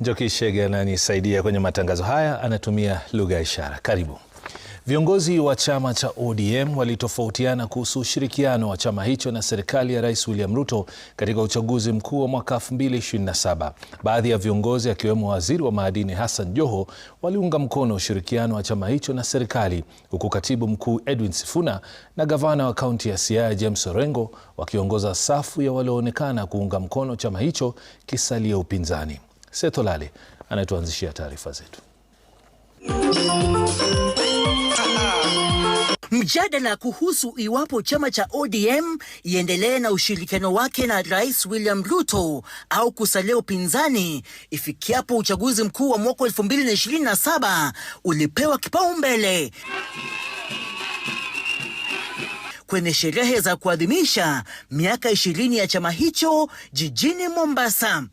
Njoki Shege ananisaidia kwenye matangazo haya, anatumia lugha ya ishara. Karibu. Viongozi wa chama cha ODM walitofautiana kuhusu ushirikiano wa chama hicho na serikali ya Rais William Ruto katika uchaguzi mkuu wa mwaka 2027. Baadhi ya viongozi akiwemo Waziri wa Madini Hassan Joho waliunga mkono ushirikiano wa chama hicho na serikali, huku Katibu Mkuu Edwin Sifuna na Gavana wa kaunti ya Siaya James Orengo wakiongoza safu ya walioonekana kuunga mkono chama hicho kisalia upinzani. Setho Lale anayetuanzishia taarifa zetu. Mjadala kuhusu iwapo chama cha ODM iendelee na ushirikiano wake na Rais William Ruto au kusalia upinzani ifikiapo uchaguzi mkuu wa mwaka 2027 ulipewa kipaumbele kwenye sherehe za kuadhimisha miaka ishirini ya chama hicho jijini Mombasa.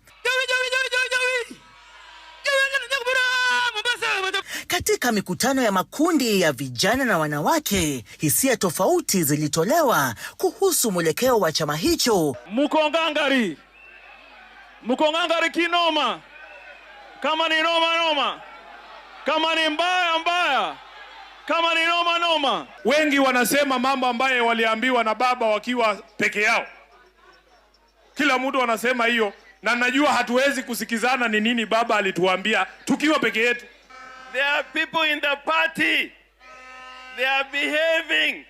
Katika mikutano ya makundi ya vijana na wanawake, hisia tofauti zilitolewa kuhusu mwelekeo wa chama hicho. Mukongangari, ngangari kinoma, kama ni noma noma, kama ni mbaya mbaya, kama ni noma noma. Wengi wanasema mambo ambayo waliambiwa na baba wakiwa peke yao, kila mtu anasema hiyo, na najua hatuwezi kusikizana ni nini baba alituambia tukiwa peke yetu. There are people in the party. They are behaving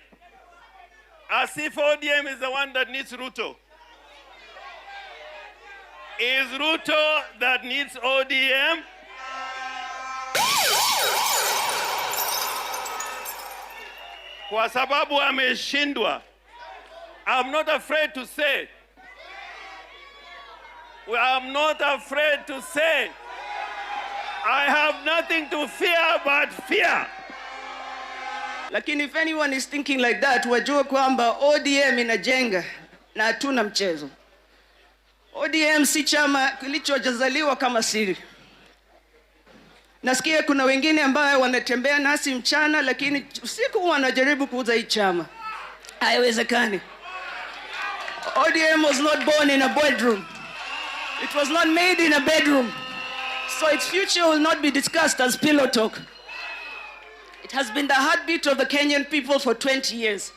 as if ODM is the one that needs Ruto. Is Ruto that needs ODM? Kwa sababu ameshindwa. I'm not afraid to say. I'm not afraid to say nothing to fear but fear. Lakini if anyone is thinking like that, wajue kwamba ODM inajenga na hatuna mchezo. ODM si chama kilichojazaliwa kama siri. Nasikia kuna wengine ambayo wanatembea nasi mchana, lakini usiku wanajaribu kuuza hii chama. Haiwezekani. ODM was not born in a bedroom. It was not made in a bedroom. So its future will not be discussed as pillow talk. It has been the heartbeat of the Kenyan people for 20 years.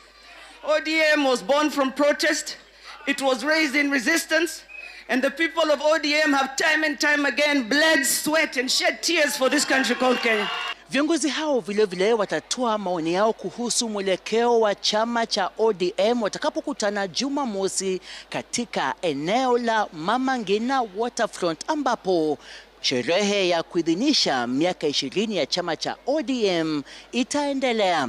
ODM was born from protest, it was raised in resistance, and the people of ODM have time and time again bled, sweat, and shed tears for this country called Kenya. Viongozi hao vilevile watatoa maoni yao kuhusu mwelekeo wa chama cha ODM watakapokutana Juma mosi katika eneo la Mama Ngina Waterfront ambapo Sherehe ya kuidhinisha miaka ishirini ya chama cha ODM itaendelea.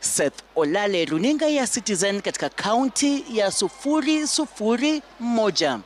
Seth Olale, runinga ya Citizen katika kaunti ya sufuri sufuri moja.